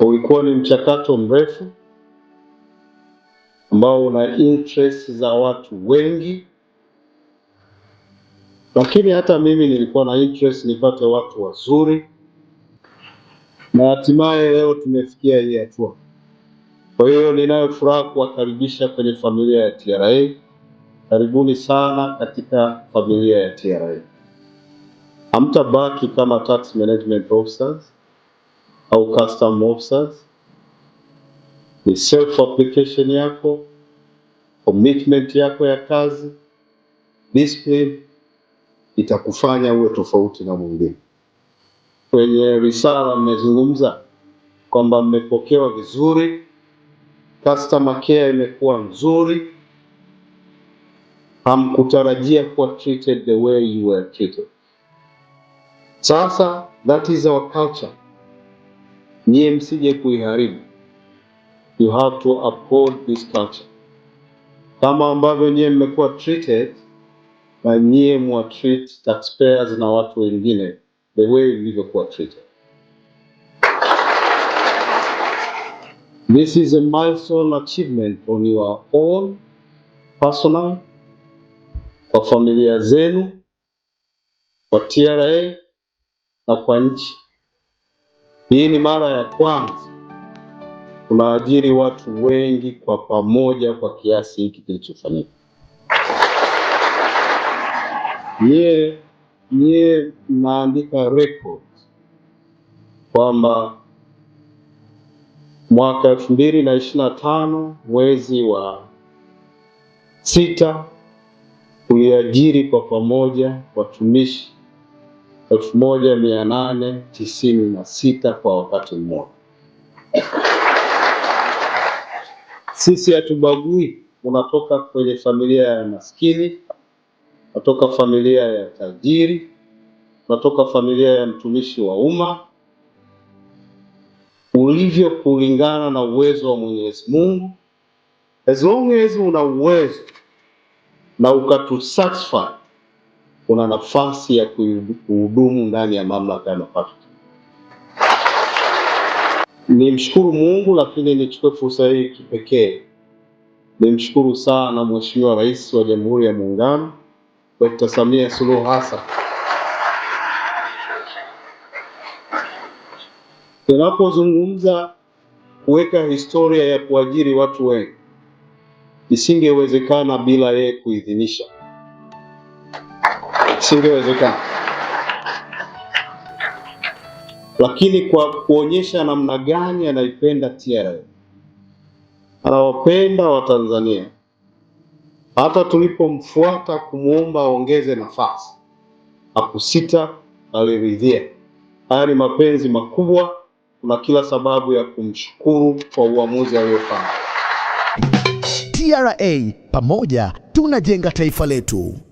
Ulikuwa ni mchakato mrefu ambao una interest za watu wengi, lakini hata mimi nilikuwa na interest nipate watu wazuri, na hatimaye leo tumefikia hii hatua. Kwa hiyo ninayo furaha kuwakaribisha kwenye familia ya TRA. Karibuni sana katika familia ya TRA. Hamtabaki kama tax management officers au custom offers, ni self application yako, commitment yako ya kazi, discipline itakufanya uwe tofauti na mwingine. Kwenye risala mmezungumza kwamba mmepokewa vizuri, customer care imekuwa nzuri, hamkutarajia kuwa treated the way you were treated. Sasa that is our culture nyie msije kuiharibu. You have to uphold this culture, kama ambavyo nyie mmekuwa treated na nyie mwa treat taxpayers na watu wengine the way ilivyokuwa treated. This is a milestone achievement on your own personal, kwa familia zenu, kwa TRA na kwa nchi. Hii ni mara ya kwanza tunaajiri watu wengi kwa pamoja kwa kiasi hiki kilichofanyika. Nyie nyie mnaandika record kwamba mwaka elfu mbili na ishirini na tano mwezi wa sita tuliajiri kwa pamoja watumishi elfu moja mia nane tisini na sita kwa wakati mmoja. Sisi hatubagui, unatoka kwenye familia ya maskini, unatoka familia ya tajiri, unatoka familia ya mtumishi wa umma, ulivyo kulingana na uwezo wa Mwenyezi Mungu. As long as una uwezo na ukatu kuna nafasi ya kuhudumu ndani ya mamlaka ya mapato. Nimshukuru Mungu, lakini nichukue fursa hii kipekee nimshukuru sana Mheshimiwa Rais wa Jamhuri ya Muungano Dr. Samia Suluhu Hassan. Tunapozungumza kuweka historia ya kuajiri watu wengi, isingewezekana bila yeye kuidhinisha singewezekana. Lakini kwa kuonyesha namna gani anaipenda TRA, anawapenda Watanzania, hata tulipomfuata kumwomba aongeze nafasi akusita, aliridhia. Haya ni mapenzi makubwa. Kuna kila sababu ya kumshukuru kwa uamuzi aliofanya. TRA, pamoja tunajenga taifa letu.